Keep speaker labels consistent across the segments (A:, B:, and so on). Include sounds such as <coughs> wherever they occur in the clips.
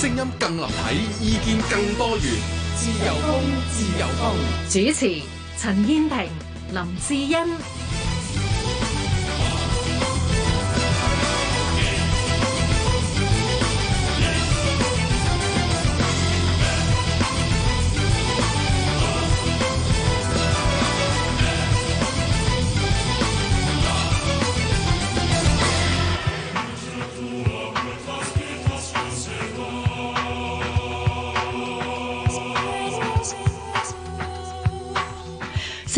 A: 聲音更立體，意見更多元。自由風，自
B: 由風。主持：陳燕萍、林志欣。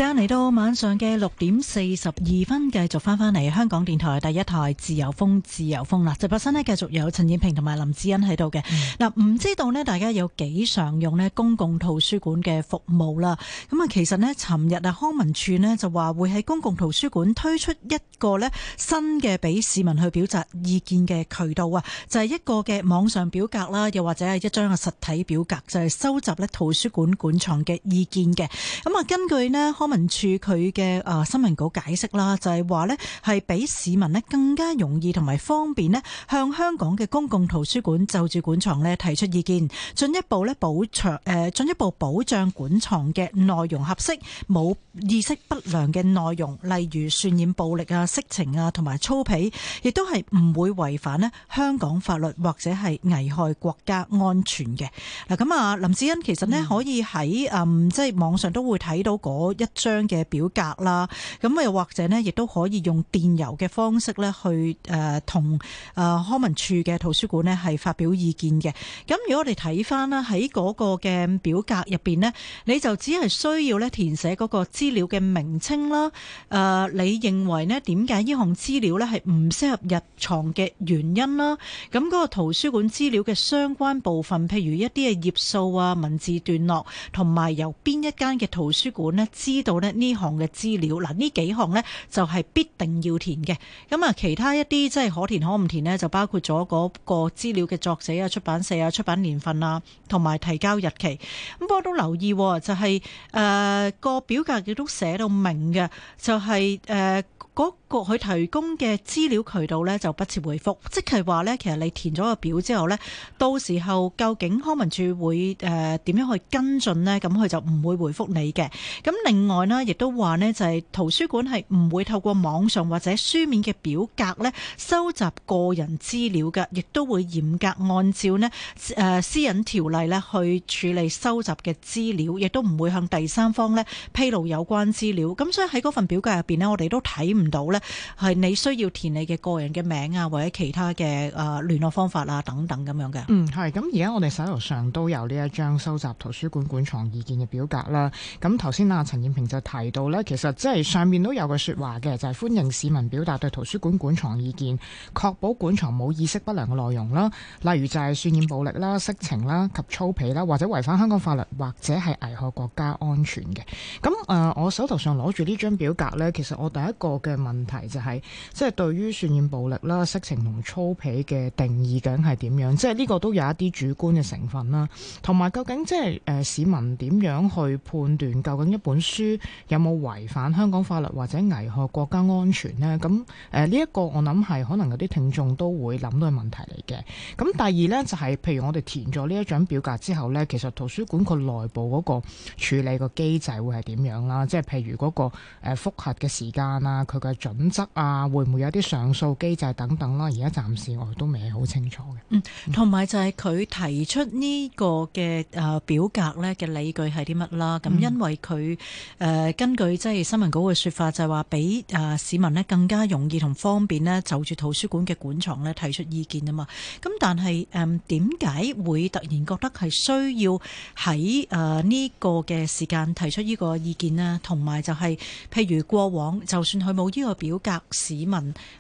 B: 時間嚟到晚上嘅六點四十二分，繼續翻翻嚟香港電台第一台自由風，自由風啦。直播室咧，繼續有陳燕萍同埋林子恩喺度嘅。嗱、嗯，唔知道咧，大家有幾常用咧公共圖書館嘅服務啦。咁啊，其實咧，尋日啊，康文署咧就話會喺公共圖書館推出一個咧新嘅俾市民去表達意見嘅渠道啊，就係、是、一個嘅網上表格啦，又或者係一張嘅實體表格，就係、是、收集咧圖書館館藏嘅意見嘅。咁啊，根據咧康。文處佢嘅啊新聞稿解釋啦，就係話呢係俾市民咧更加容易同埋方便呢向香港嘅公共圖書館就住館藏呢提出意見，進一步咧保障誒進一步保障館藏嘅內容合適，冇意識不良嘅內容，例如渲染暴力啊、色情啊同埋粗鄙，亦都係唔會違反咧香港法律或者係危害國家安全嘅。嗱，咁啊林志恩其實呢可以喺誒即係網上都會睇到嗰一。商嘅表格啦，咁又或者咧，亦都可以用電郵嘅方式咧，去誒同誒康文署嘅圖書館咧係發表意見嘅。咁如果我哋睇翻啦喺嗰個嘅表格入邊咧，你就只係需要咧填寫嗰個資料嘅名稱啦。誒、呃、你認為咧點解呢項資料咧係唔適合入藏嘅原因啦？咁、那、嗰個圖書館資料嘅相關部分，譬如一啲嘅頁數啊、文字段落，同埋由邊一間嘅圖書館咧知。呢度呢項嘅資料，嗱呢幾項呢就係必定要填嘅。咁啊，其他一啲即係可填可唔填呢，就包括咗嗰個資料嘅作者啊、出版社啊、出版年份啊，同埋提交日期。咁我都留意，就係誒個表格佢都寫到明嘅，就係、是、誒。呃嗰個佢提供嘅資料渠道呢，就不設回覆，即係話呢，其實你填咗個表之後呢，到時候究竟康文署會誒點、呃、樣去跟進呢？咁佢就唔會回覆你嘅。咁另外呢，亦都話呢，就係、是、圖書館係唔會透過網上或者書面嘅表格呢收集個人資料嘅，亦都會嚴格按照呢誒、呃、私隱條例呢去處理收集嘅資料，亦都唔會向第三方呢披露有關資料。咁所以喺嗰份表格入面呢，我哋都睇唔到呢，係你需要填你嘅個人嘅名啊，或者其他嘅誒聯絡方法啊，等等咁
C: 樣嘅。嗯，係咁，而家我哋手頭上都有呢一張收集圖書館館藏意見嘅表格啦。咁頭先阿陳燕平就提到呢，其實即係上面都有個說話嘅，就係歡迎市民表達對圖書館館藏意見，確保館藏冇意識不良嘅內容啦，例如就係渲染暴力啦、色情啦及粗鄙啦，或者違反香港法律或者係危害國家安全嘅。咁誒、呃，我手頭上攞住呢張表格呢，其實我第一個嘅。嘅問題就係，即係對於渲染暴力啦、色情同粗鄙嘅定義，究竟係點樣？即係呢個都有一啲主觀嘅成分啦。同埋，究竟即係誒市民點樣去判斷究竟一本書有冇違反香港法律或者危害國家安全呢？咁誒呢一個我諗係可能有啲聽眾都會諗到嘅問題嚟嘅。咁第二呢，就係譬如我哋填咗呢一張表格之後呢，其實圖書館佢內部嗰個處理個機制會係點樣啦？即係譬如嗰個誒複核嘅時間啦，嘅準則啊，會唔會有啲上訴機制等等啦？而家暫時我哋都未係好清楚嘅。嗯，
B: 同埋就係佢提出呢個嘅誒表格，咧嘅理據係啲乜啦？咁、嗯、因為佢誒根據即係新聞稿嘅說法，就係話俾誒市民咧更加容易同方便咧就住圖書館嘅館藏咧提出意見啊嘛。咁但係誒點解會突然覺得係需要喺誒呢個嘅時間提出呢個意見咧？同埋就係譬如過往就算佢冇。呢個表格，市民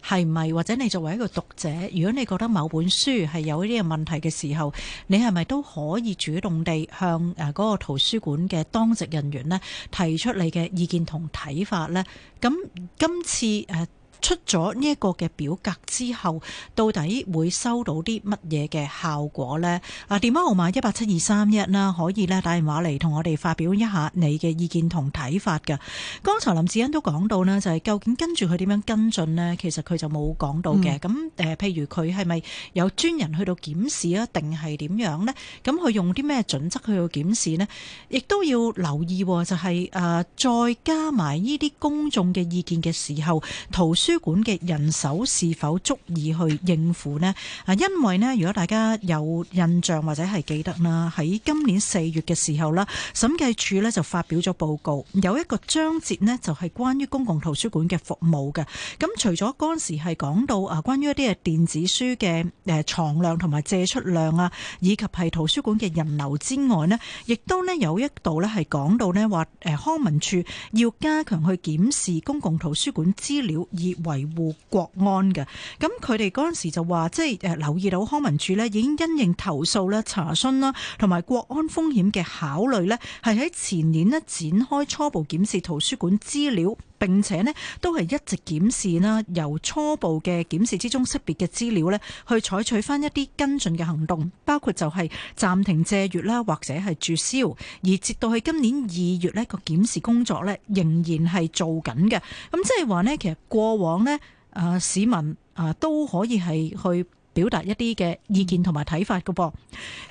B: 係唔係或者你作為一個讀者，如果你覺得某本書係有呢個問題嘅時候，你係咪都可以主動地向誒嗰個圖書館嘅當值人員咧提出你嘅意見同睇法咧？咁今次誒。出咗呢一個嘅表格之後，到底會收到啲乜嘢嘅效果咧？啊，電話號碼一八七二三一啦，可以咧打電話嚟同我哋發表一下你嘅意見同睇法嘅。剛才林志欣都講到呢就係、是、究竟跟住佢點樣跟進咧？其實佢就冇講到嘅。咁譬、嗯、如佢係咪有專人去到檢視啊，定係點樣咧？咁佢用啲咩準則去到檢視咧？亦都要留意，就係、是、誒、呃、再加埋呢啲公眾嘅意見嘅時候，圖書書館嘅人手是否足以去應付呢？啊，因為呢，如果大家有印象或者係記得啦，喺今年四月嘅時候啦，審計署呢就發表咗報告，有一個章節呢，就係關於公共圖書館嘅服務嘅。咁除咗嗰時係講到啊，關於一啲嘅電子書嘅誒藏量同埋借出量啊，以及係圖書館嘅人流之外呢，亦都呢有一度呢係講到呢話誒康文署要加強去檢視公共圖書館資料以維護國安嘅，咁佢哋嗰陣時就話，即係誒留意到康文署呢已經因應投訴啦查詢啦，同埋國安風險嘅考慮呢係喺前年呢展開初步檢視圖書館資料。並且呢都係一直檢視啦，由初步嘅檢視之中識別嘅資料呢去採取翻一啲跟進嘅行動，包括就係暫停借閱啦，或者係註銷。而直到去今年二月呢個檢視工作呢，仍然係做緊嘅。咁即係話呢，其實過往呢啊市民啊都可以係去，表達一啲嘅意見同埋睇法噶噃，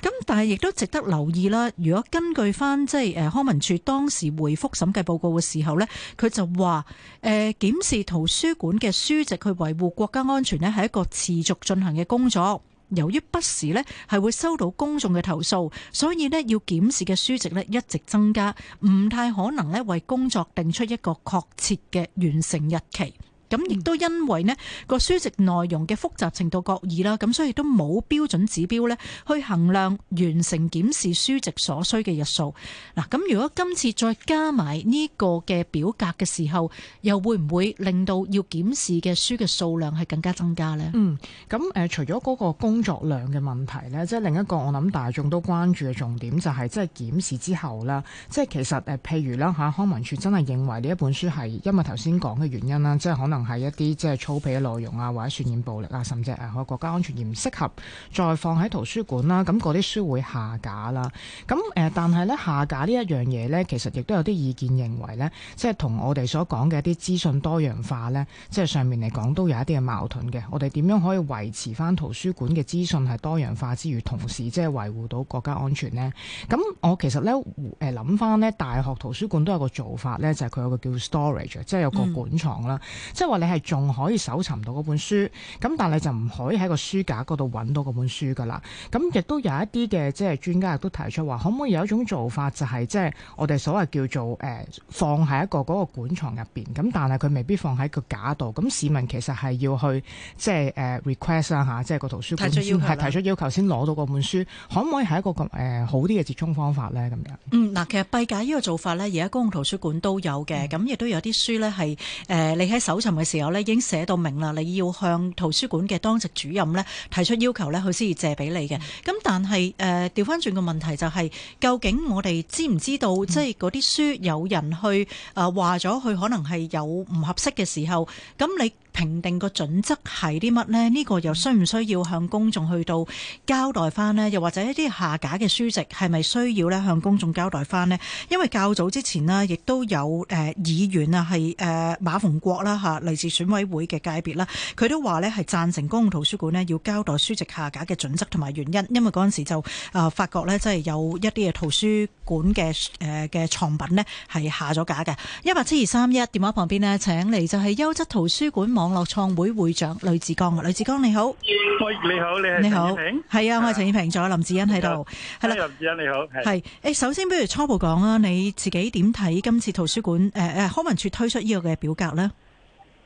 B: 咁但係亦都值得留意啦。如果根據翻即係誒，康文署當時回復審計報告嘅時候咧，佢就話誒，檢視圖書館嘅書籍去維護國家安全咧，係一個持續進行嘅工作。由於不時咧係會收到公眾嘅投訴，所以咧要檢視嘅書籍咧一直增加，唔太可能咧為工作定出一個確切嘅完成日期。咁亦都因為呢個書籍內容嘅複雜程度各異啦，咁所以都冇標準指標呢去衡量完成檢視書籍所需嘅日數。嗱，咁如果今次再加埋呢個嘅表格嘅時候，又會唔會令到要檢視嘅
C: 書嘅數量係更加增加呢？嗯，咁誒，除咗嗰個工作量嘅問題呢，即係另一個我諗大眾都關注嘅重點就係即係檢視之後啦，即係其實誒，譬如啦吓康文署真係認為呢一本書係因為頭先講嘅原因啦，即係可能。係一啲即係粗鄙嘅內容啊，或者渲染暴力啊，甚至危害國家安全而唔適合再放喺圖書館啦。咁嗰啲書會下架啦。咁誒、呃，但係咧下架呢一樣嘢咧，其實亦都有啲意見認為咧，即係同我哋所講嘅一啲資訊多元化咧，即係上面嚟講都有一啲嘅矛盾嘅。我哋點樣可以維持翻圖書館嘅資訊係多元化之餘，同時即係維護到國家安全呢？咁我其實咧誒諗翻咧，大學圖書館都有個做法咧，就係佢有個叫 storage，即係有個館藏啦，嗯、即係。話你係仲可以搜尋到嗰本書，咁但係就唔可以喺個書架嗰度揾到嗰本書噶啦。咁亦都有一啲嘅即係專家亦都提出話，可唔可以有一種做法，就是，就係即係我哋所謂叫做誒、呃、放喺一個嗰個館藏入邊，咁但係佢未必放喺個架度。咁市民其實係要去即係誒、呃、request 啦吓，即係個圖書館提出要求先攞到嗰本書，可唔可以係一個誒、呃、好啲嘅接觸方法咧？咁樣
B: 嗱，其實閉架呢個做法咧，而家公共圖書館都有嘅，咁亦都有啲書咧係誒你喺搜尋。嘅時候咧，已經寫到明啦，你要向圖書館嘅當值主任咧提出要求咧，佢先至借俾你嘅。咁但係誒調翻轉個問題、就是，就係究竟我哋知唔知道即係嗰啲書有人去誒話咗，佢、呃、可能係有唔合適嘅時候，咁你評定個準則係啲乜咧？呢、呢個又需唔需要向公眾去到交代翻咧？又或者一啲下架嘅書籍係咪需要咧向公眾交代翻咧？因為較早之前咧，亦都有誒、呃、議員啊，係誒、呃、馬逢國啦吓。呃嚟自選委會嘅界別啦，佢都話咧係贊成公共圖書館呢要交代書籍下架嘅準則同埋原因，因為嗰陣時就誒發覺呢，真係有一啲嘅圖書館嘅誒嘅藏品呢係下咗架嘅。一八七二三一電話旁邊呢，請嚟就係優質圖書館網絡創會會長呂志剛啊，呂志剛你，你好，
A: 你，你好，啊，你好，你
B: 好，係啊，我係陳燕平，仲有林志欣喺度，係啦，林志
A: 欣你好，係
B: 誒，首先，不如初步講啊，你自己點睇今次圖書館誒誒，康文處推出呢個嘅表格呢？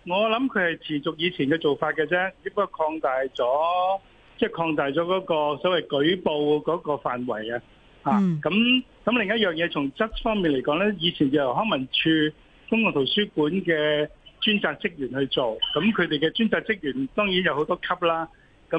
A: 我諗佢係持續以前嘅做法嘅啫，只不過擴大咗，即係擴大咗嗰個所謂舉報嗰個範圍、嗯、啊。咁咁另一樣嘢，從質方面嚟講呢，以前就由康文署公共圖書館嘅專責職員去做，咁佢哋嘅專責職員當然有好多級啦。咁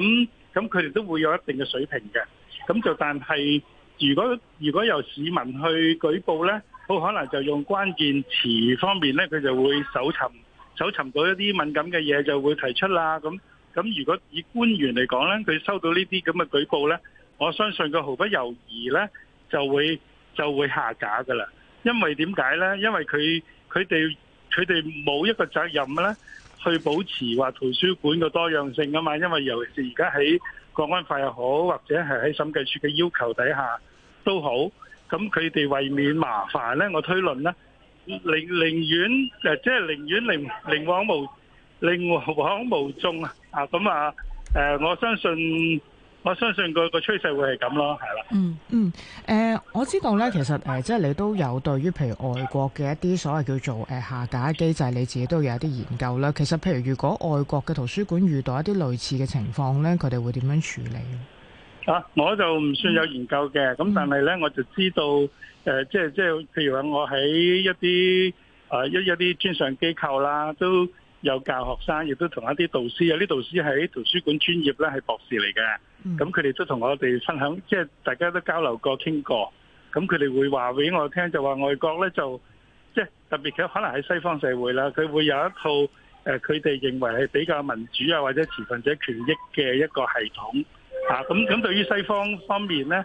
A: 咁佢哋都會有一定嘅水平嘅。咁就但係，如果如果由市民去舉報呢，好可能就用關鍵詞方面呢，佢就會搜尋。搜尋到一啲敏感嘅嘢就會提出啦，咁咁如果以官員嚟講咧，佢收到呢啲咁嘅舉報咧，我相信佢毫不猶豫咧就會就會下架噶啦，因為點解咧？因為佢佢哋佢哋冇一個責任咧去保持話圖書館嘅多樣性噶嘛，因為尤其是而家喺國安法又好，或者係喺審計署嘅要求底下都好，咁佢哋為免麻煩咧，我推論咧。寧寧願誒，即係寧願寧寧往無寧往無終啊！啊咁啊，誒，我相信我相信個個趨勢會係咁咯，係啦。嗯嗯，誒、
C: 呃，我知道咧，其實誒，即係你都有對於譬如外國嘅一啲所謂叫做誒下架機制，你自己都有一啲研究啦。其實譬如如果外國嘅圖書館遇到一啲類似嘅情況咧，佢哋會點樣處理？
A: 啊、嗯，我就唔算有研究嘅，咁但係咧，我就知道。誒即係即係，譬如話我喺一啲誒一一啲專上機構啦，都有教學生，亦都同一啲導師，有啲導師喺圖書館專業咧係博士嚟嘅，咁佢哋都同我哋分享，即係大家都交流過傾過，咁佢哋會話俾我聽，就話、是、外國咧就即係特別嘅，可能喺西方社會啦，佢會有一套誒佢哋認為係比較民主啊或者持份者權益嘅一個系統啊，咁咁對於西方方面咧？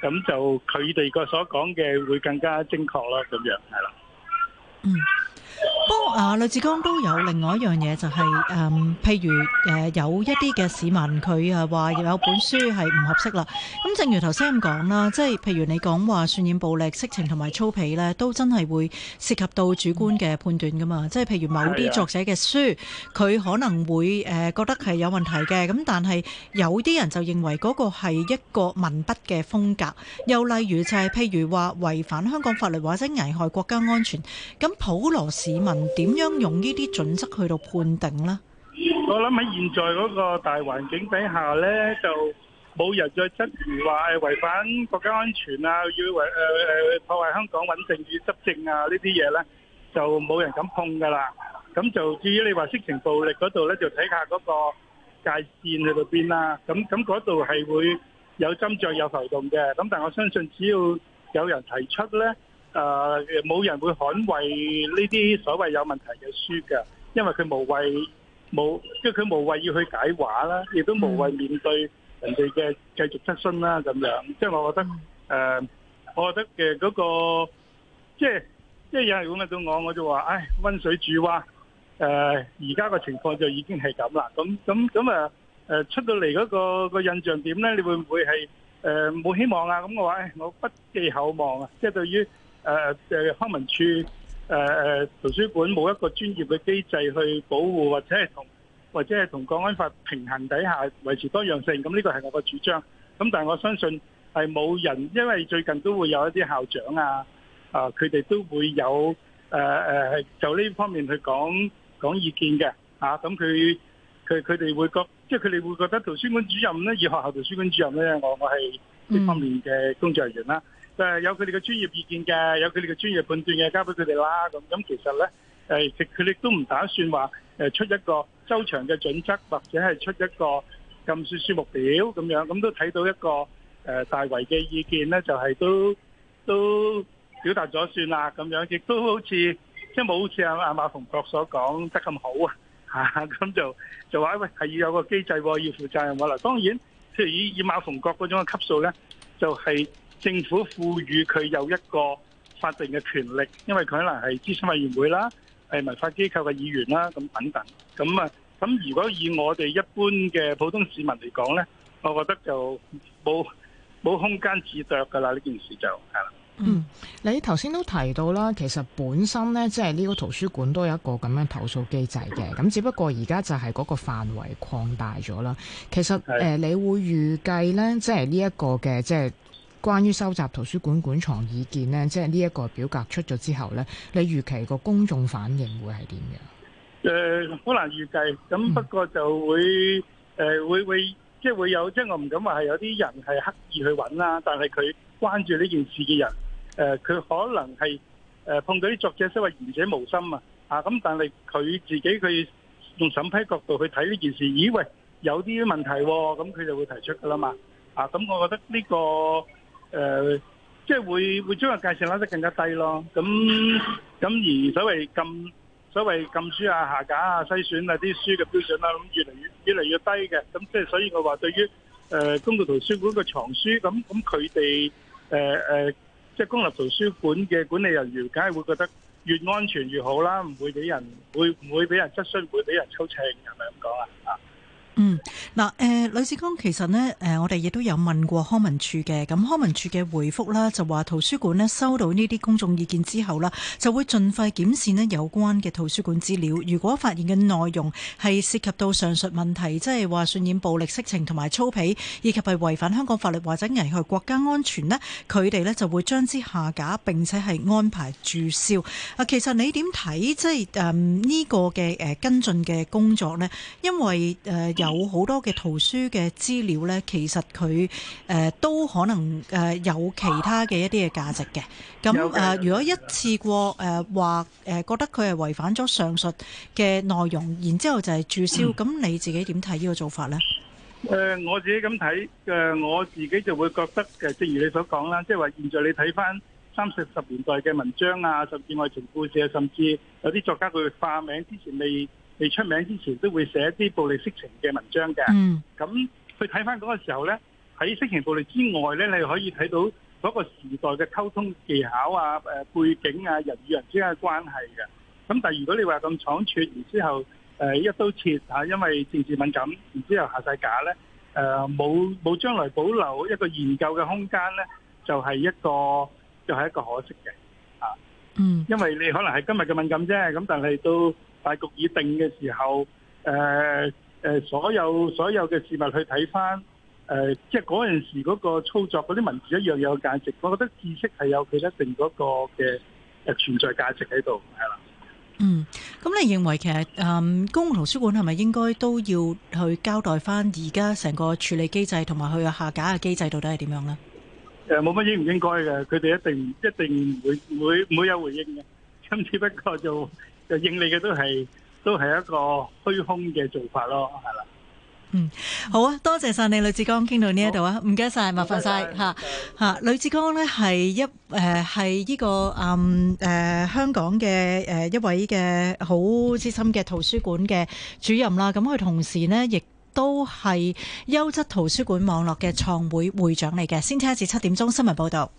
A: 咁就佢哋個所講嘅會更加精確囉，咁樣係啦。嗯。
B: 不過啊，呂志剛都有另外一樣嘢，就係、是、誒、嗯，譬如誒、呃、有一啲嘅市民佢啊話有本書係唔合適啦。咁正如頭先咁講啦，即係譬如你講話渲染暴力、色情同埋粗鄙咧，都真係會涉及到主觀嘅判斷㗎嘛。即係譬如某啲作者嘅書，佢可能會誒、呃、覺得係有問題嘅。咁但係有啲人就認為嗰個係一個文筆嘅風格。又例如就係譬如話違反香港法律或者危害國家安全，咁普羅市民，點樣用呢啲準則去到判定咧？
A: 我諗喺現在嗰個大環境底下咧，就冇人再質疑話係違反國家安全啊，要違誒誒破壞香港穩定與執政啊呢啲嘢咧，就冇人敢碰噶啦。咁就至於你話色情暴力嗰度咧，就睇下嗰個界線去到邊啦。咁咁嗰度係會有斟酌有浮動嘅。咁但係我相信，只要有人提出咧。誒冇、呃、人會捍衛呢啲所謂有問題嘅書嘅，因為佢無謂冇，即係佢無謂要去解話啦，亦都無謂面對人哋嘅繼續質詢啦。咁樣，即係我覺得誒、呃，我覺得嘅、那、嗰個即係即係有人咁問到我，我就話：唉，温水煮蛙。誒、呃，而家嘅情況就已經係咁啦。咁咁咁啊誒，出到嚟嗰個印象點咧？你會唔會係誒冇希望啊？咁我話：唉，我不寄厚望啊！即係對於。誒誒，uh, uh, 康文處誒誒圖書館冇一個專業嘅機制去保護或，或者係同或者係同《港安法》平衡底下維持多樣性，咁呢個係我個主張。咁但係我相信係冇人，因為最近都會有一啲校長啊，啊佢哋都會有誒誒、uh, uh, 就呢方面去講講意見嘅。啊、uh，咁佢佢佢哋會覺，即係佢哋會覺得圖書館主任咧，以學校圖書館主任咧，我我係呢方面嘅工作人員啦。Mm. 就有佢哋嘅專業意見嘅，有佢哋嘅專業判斷嘅，交俾佢哋啦。咁咁其實咧，誒，佢哋都唔打算話誒出一個周詳嘅準則，或者係出一個咁輸輸目標咁樣。咁都睇到一個誒大圍嘅意見咧，就係都都表達咗算啦咁樣，亦都好似即係冇好似阿阿馬逢國所講得咁好啊嚇。咁就就話喂，係要有個機制、啊、要負責任喎啦。當然，即係以以馬逢國嗰種嘅級數咧，就係、是。政府賦予佢有一個法定嘅權力，因為佢可能係諮詢委員會啦，係文化機構嘅議員啦，咁等等。咁啊，咁如果以我哋一般嘅普通市民嚟講咧，我覺得就冇冇空間自奪噶啦。呢件事就係啦。嗯，
C: 你頭先都提到啦，其實本身咧，即係呢個圖書館都有一個咁樣投訴機制嘅。咁只不過而家就係嗰個範圍擴大咗啦。其實誒是、呃、你會預計咧，即係呢一個嘅即係。關於收集圖書館館藏意見咧，即係呢一個表格出咗之後咧，你預期個公眾反應會係點樣？
A: 誒好、呃、難預計，咁不過就會誒、嗯呃、會會即係會有，即係我唔敢話係有啲人係刻意去揾啦，但係佢關注呢件事嘅人，誒、呃、佢可能係誒碰到啲作者，即係話言者無心啊，啊咁，但係佢自己佢用審批角度去睇呢件事，咦喂，有啲問題喎，啊，咁佢就會提出噶啦嘛，啊咁，我覺得呢、這個。誒、呃，即係會會將個界線拉得更加低咯。咁咁而所謂禁所謂禁書啊、下架啊、篩選啊啲書嘅標準啦、啊，咁越嚟越越嚟越低嘅。咁即係所以我話對於誒公共圖書館嘅藏書，咁咁佢哋誒誒，即係公立圖書館嘅、呃呃就是、管理人員，梗係會覺得越安全越好啦，唔會俾人會唔會俾人質詢，會俾人抽秤，係咪咁講啊？
B: 嗯，嗱、呃，誒、呃，呂志剛其實咧，誒、呃，我哋亦都有問過康文署嘅，咁康文署嘅回覆啦，就話圖書館咧收到呢啲公眾意見之後啦，就會盡快檢視咧有關嘅圖書館資料。如果發現嘅內容係涉及到上述問題，即係話渲染暴力色情同埋粗鄙，以及係違反香港法律或者危害國家安全咧，佢哋咧就會將之下架並且係安排注銷啊，其實你點睇，即係誒呢個嘅誒跟進嘅工作咧？因為誒。呃有好多嘅圖書嘅資料呢，其實佢誒、呃、都可能誒有其他嘅一啲嘅價值嘅。咁誒 Okay.、呃，如果一次過誒話誒覺得佢係違反咗上述嘅內容，然之後就係註銷，咁 <coughs> 你自己點睇呢個做法呢？誒、
A: 呃，我自己咁睇嘅，我自己就會覺得嘅，正如你所講啦，即係話現在你睇返三四十年代嘅文章啊，甚至愛情故事啊，甚至有啲作家佢化名之前未。未出名之前都會寫啲暴力色情嘅文章嘅，咁去睇翻嗰個時候咧，喺色情暴力之外咧，你又可以睇到嗰個時代嘅溝通技巧啊、誒背景啊、人與人之間嘅關係嘅。咁但係如果你話咁倉促，然之後誒一刀切嚇，因為政治敏感，然之後下曬架咧，誒冇冇將來保留一個研究嘅空間咧，就係一個就係一個可惜嘅嚇。嗯，因為你可能係今日嘅敏感啫，咁但係都。大局已定嘅時候，誒、呃、誒，所有所有嘅事物去睇翻，誒、呃，即係嗰陣時嗰個操作，嗰啲文字一樣有價值。我覺得知識係有佢一定嗰個嘅誒存在價值喺度，係啦。嗯，
B: 咁你認為其實誒、嗯、公共圖書館係咪應該都要去交代翻而家成個處理機制同埋佢嘅下架嘅機制到底係點樣咧？
A: 誒冇乜應唔應該嘅，佢哋一定一定唔會唔會有回應嘅，今次不過就。就應你嘅都係都係一個虛空嘅做法咯，係啦。
B: 嗯，好啊，多謝晒你，呂志剛傾到呢一度啊，唔該晒，麻煩晒。呂志剛呢係一誒係呢個香港嘅、啊、一位嘅好資深嘅圖書館嘅主任啦。咁佢同時呢，亦都係優質圖書館網絡嘅創會會長嚟嘅。先聽一次七點鐘新聞報道。